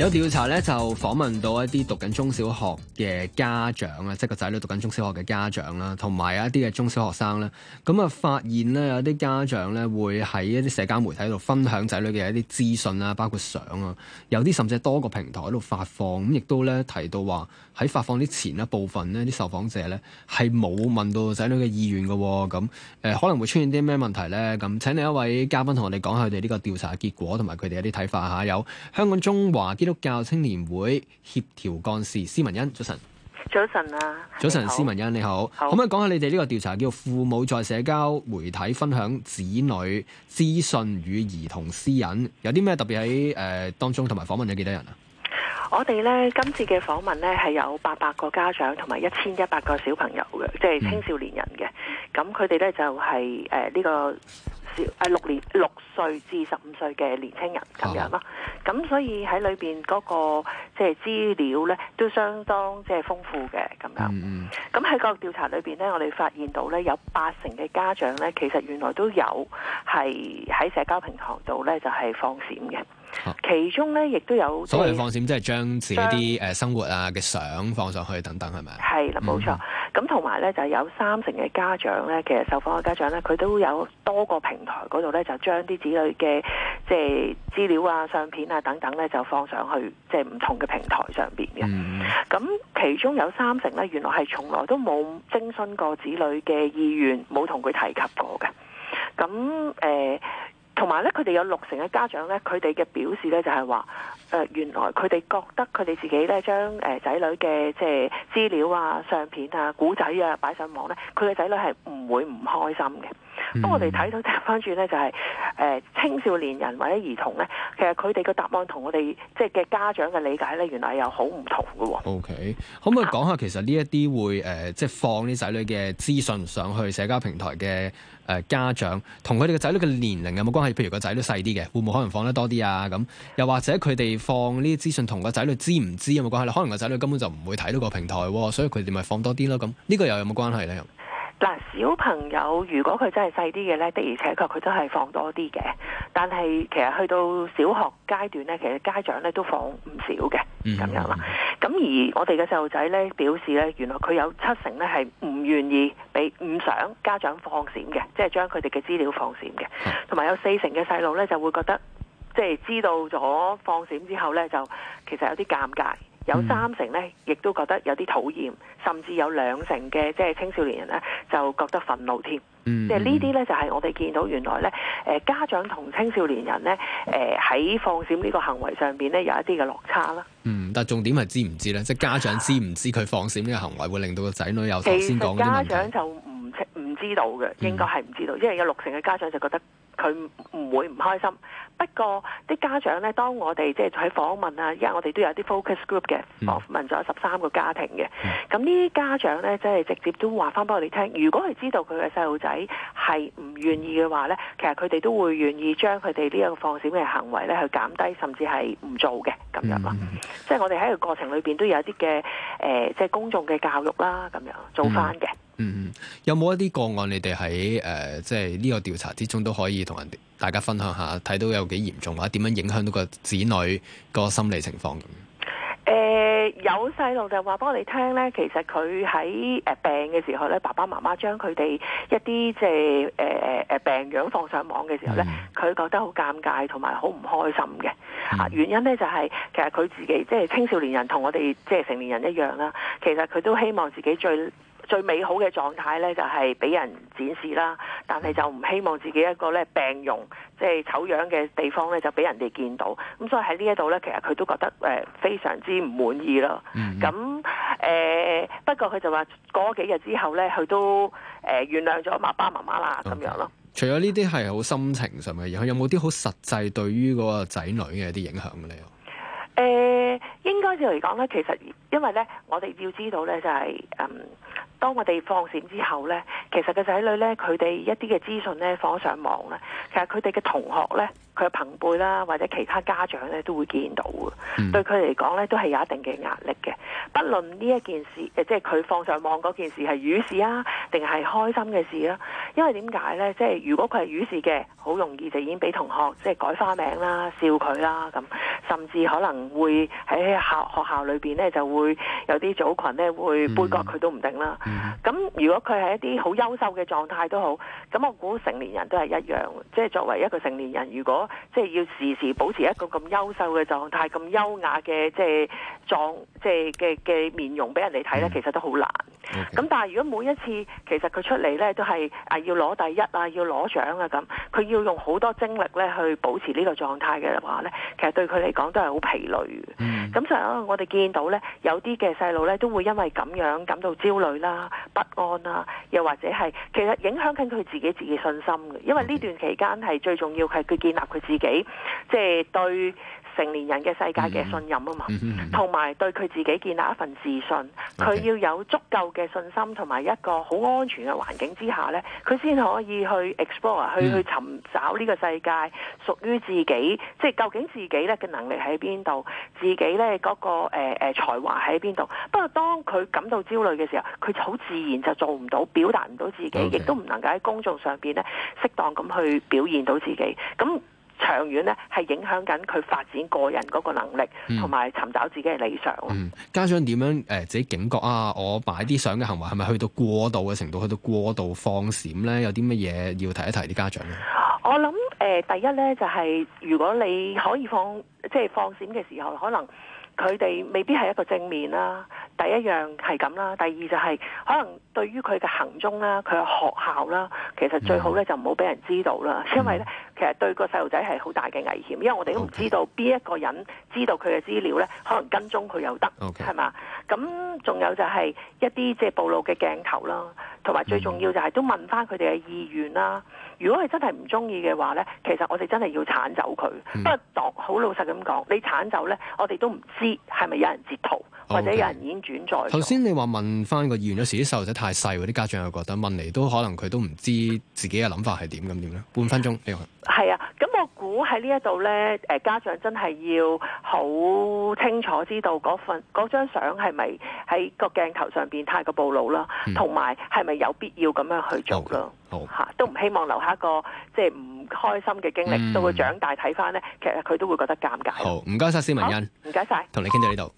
有調查咧，就訪問到一啲讀緊中小學嘅家長啊，即係個仔女讀緊中小學嘅家長啦，同埋一啲嘅中小學生咧。咁啊，發現咧有啲家長咧會喺一啲社交媒體度分享仔女嘅一啲資訊啊，包括相啊。有啲甚至係多個平台喺度發放。咁亦都咧提到話喺發放之前一部分呢啲受訪者咧係冇問到仔女嘅意願嘅喎。咁誒可能會出現啲咩問題咧？咁請另一位嘉賓同我哋講下佢哋呢個調查嘅結果同埋佢哋一啲睇法吓。有香港中華基督教青年會協調幹事施文欣，早晨，早晨啊，早晨，施文欣你好，你好。好，可唔可以講下你哋呢個調查叫父母在社交媒體分享子女資訊與兒童私隱有啲咩特別喺誒當中，同埋訪問咗幾多人啊？我哋咧今次嘅訪問咧係有八百個家長同埋一千一百個小朋友嘅，即係青少年人嘅，咁佢哋咧就係誒呢個小誒六年六歲至十五歲嘅年輕人咁、啊、樣咯。咁所以喺裏邊嗰個即係資料咧，都相當即係豐富嘅咁樣。咁喺、嗯嗯、個調查裏邊咧，我哋發現到咧有八成嘅家長咧，其實原來都有係喺社交平台度咧就係、是、放閃嘅。哦、其中咧亦都有所謂放閃，即、就、係、是、將自己啲誒生活啊嘅相將放上去等等，係咪？係啦，冇錯。嗯咁同埋咧，就有三成嘅家長咧，其實受訪嘅家長咧，佢都有多個平台嗰度咧，就將啲子女嘅即係資料啊、相片啊等等咧，就放上去即係唔同嘅平台上邊嘅。咁、嗯、其中有三成咧，原來係從來都冇徵詢過子女嘅意願，冇同佢提及過嘅。咁誒同埋咧，佢哋有，有六成嘅家長咧，佢哋嘅表示咧就係、是、話、呃，原來佢哋覺得佢哋自己咧將、呃、仔女嘅即係資料啊、相片啊、古仔啊擺上網咧，佢嘅仔女係唔會唔開心嘅。不，咁、嗯、我哋睇到睇翻轉咧，就係誒青少年人或者兒童咧，其實佢哋嘅答案同我哋即係嘅家長嘅理解咧，原來又好唔同噶喎。O、okay, K，可唔可以講下其實呢一啲會誒、呃、即係放啲仔女嘅資訊上去社交平台嘅誒、呃、家長，同佢哋嘅仔女嘅年齡有冇關係？譬如個仔女細啲嘅，會唔會可能放得多啲啊？咁又或者佢哋放呢啲資訊同個仔女知唔知道有冇關係？可能個仔女根本就唔會睇到個平台，所以佢哋咪放多啲咯。咁呢個又有冇關係咧？嗱、啊，小朋友如果佢真係細啲嘅呢，的而且確佢都係放多啲嘅。但係其實去到小學階段呢，其實家長呢都放唔少嘅，咁、嗯、哼樣啦。咁而我哋嘅細路仔呢，表示呢，原來佢有七成呢係唔願意俾、唔想家長放閃嘅，即係將佢哋嘅資料放閃嘅。同埋、嗯、哼有，有四成嘅細路呢，就會覺得，即係知道咗放閃之後呢，就其實有啲尷尬。有三成咧，亦都覺得有啲討厭，甚至有兩成嘅即係青少年人咧，就覺得憤怒添。嗯、即係呢啲咧，就係、是、我哋見到原來咧，誒家長同青少年人咧，誒、呃、喺放閃呢個行為上面咧，有一啲嘅落差啦。嗯，但重點係知唔知咧？即係家長知唔知佢放閃呢個行為會令到個仔女有頭先講？其實家長就唔唔知道嘅，應該係唔知道，嗯、因為有六成嘅家長就覺得佢唔會唔開心。不過，啲家長咧，當我哋即係喺訪問啊，因為我哋都有啲 focus group 嘅訪問咗十三個家庭嘅。咁呢啲家長咧，即係直接都話翻俾我哋聽，如果你知道佢嘅細路仔係唔願意嘅話咧，其實佢哋都會願意將佢哋呢一個放閃嘅行為咧去減低，甚至係唔做嘅咁樣啦、嗯、即係我哋喺個過程裏面都有一啲嘅誒，即係公眾嘅教育啦，咁樣做翻嘅。嗯嗯嗯，有冇一啲個案你哋喺？你哋喺誒，即係呢個調查之中都可以同人大家分享下，睇到有幾嚴重或者點樣影響到個子女個心理情況咁、呃、有細路就話畀我哋聽咧，其實佢喺誒病嘅時候咧，爸爸媽媽將佢哋一啲即係誒誒誒病樣放上網嘅時候咧，佢、嗯、覺得好尷尬，同埋好唔開心嘅啊。嗯、原因咧就係、是、其實佢自己即係青少年人同我哋即係成年人一樣啦。其實佢都希望自己最最美好嘅狀態咧，就係俾人展示啦。但係就唔希望自己一個咧病容即係、就是、醜樣嘅地方咧，就俾人哋見到。咁所以喺呢一度咧，其實佢都覺得誒非常之唔滿意咯。咁誒、mm hmm. 呃、不過佢就話過咗幾日之後咧，佢都誒原諒咗爸爸媽媽啦，咁 Okay. 樣咯。除咗呢啲係好心情上嘅嘢，佢有冇啲好實際對於嗰個仔女嘅一啲影響咧？誒、呃、應該就嚟講咧，其實因為咧，我哋要知道咧、就是，就係嗯。當我哋放閃之後呢，其實個仔女呢，佢哋一啲嘅資訊呢放咗上網呢，其實佢哋嘅同學呢。佢嘅朋輩啦，或者其他家長咧，都會見到嘅。嗯、對佢嚟講咧，都係有一定嘅壓力嘅。不論呢一件事，即係佢放上網嗰件事係辱事啊，定係開心嘅事啊？因為點解呢？即係如果佢係辱事嘅，好容易就已經俾同學即係改花名啦、笑佢啦咁，甚至可能會喺校學，學校裏邊呢，就會有啲組群咧會杯葛佢、嗯、都唔定啦。咁、嗯、如果佢係一啲好優秀嘅狀態都好，咁我估成年人都係一樣。即係作為一個成年人，如果即係要時時保持一個咁優秀嘅狀態，咁優雅嘅即係狀，即係嘅嘅面容俾人哋睇咧，其實都好難。咁、mm. Okay. 但係如果每一次其實佢出嚟咧，都係啊要攞第一啊，要攞獎啊咁，佢要用好多精力咧去保持呢個狀態嘅話咧，其實對佢嚟講都係好疲累。Mm. 咁就啊，嗯嗯、我哋見到呢，有啲嘅細路呢都會因為咁樣感到焦慮啦、不安啦，又或者係其實影響緊佢自己自己信心嘅，因為呢段期間係最重要係佢建立佢自己，即係對。成年人嘅世界嘅信任啊嘛，同埋、嗯嗯嗯嗯、對佢自己建立一份自信，佢 Okay. 要有足夠嘅信心同埋一個好安全嘅環境之下咧，佢先可以去 explore，去、嗯、去尋找呢個世界屬於自己，即係究竟自己咧嘅能力喺邊度，自己咧、嗰個個誒、呃、才華喺邊度。不過當佢感到焦慮嘅時候，佢好自然就做唔到，表達唔到自己，亦 Okay. 都唔能夠喺公眾上邊咧適當咁去表現到自己。咁長遠咧，係影響緊佢發展個人嗰個能力，同埋、嗯、尋找自己嘅理想。嗯、家長點樣誒自己警覺啊？我擺啲相嘅行為係咪去到過度嘅程度，去到過度放閃咧？有啲乜嘢要提一提啲家長咧？我諗誒、呃，第一咧就係、是、如果你可以放即係、就是、放閃嘅時候，可能佢哋未必係一個正面啦、啊。第一樣係咁啦，第二就係可能對於佢嘅行蹤啦，佢嘅學校啦，其實最好咧就唔好俾人知道啦，嗯、因為咧其實對個細路仔係好大嘅危險，因為我哋都唔知道邊 Okay. 一個人知道佢嘅資料咧，可能跟蹤佢又得，係嘛 Okay.？咁仲有就係一啲即係暴露嘅鏡頭啦，同埋最重要就係都問翻佢哋嘅意願啦。如果佢真係唔中意嘅話咧，其實我哋真係要剷走佢。嗯、不過當好老實咁講，你剷走咧，我哋都唔知係咪有人截圖 Okay. 或者有人已經。首先，頭先你話問翻個意願嗰時，啲細路仔太細喎，啲家長又覺得問嚟都可能佢都唔知自己嘅諗法係點咁點咧？半分鐘，你好。係啊，咁我估喺呢一度咧，誒家長真係要好清楚知道嗰份嗰張相係咪喺個鏡頭上邊太過暴露啦，同埋係咪有必要咁樣去做咯？好嚇都唔希望留下一個即係唔開心嘅經歷，到佢、嗯、長大睇翻咧，其實佢都會覺得尷尬。好唔該晒，施文欣，唔該晒，同你傾到呢度。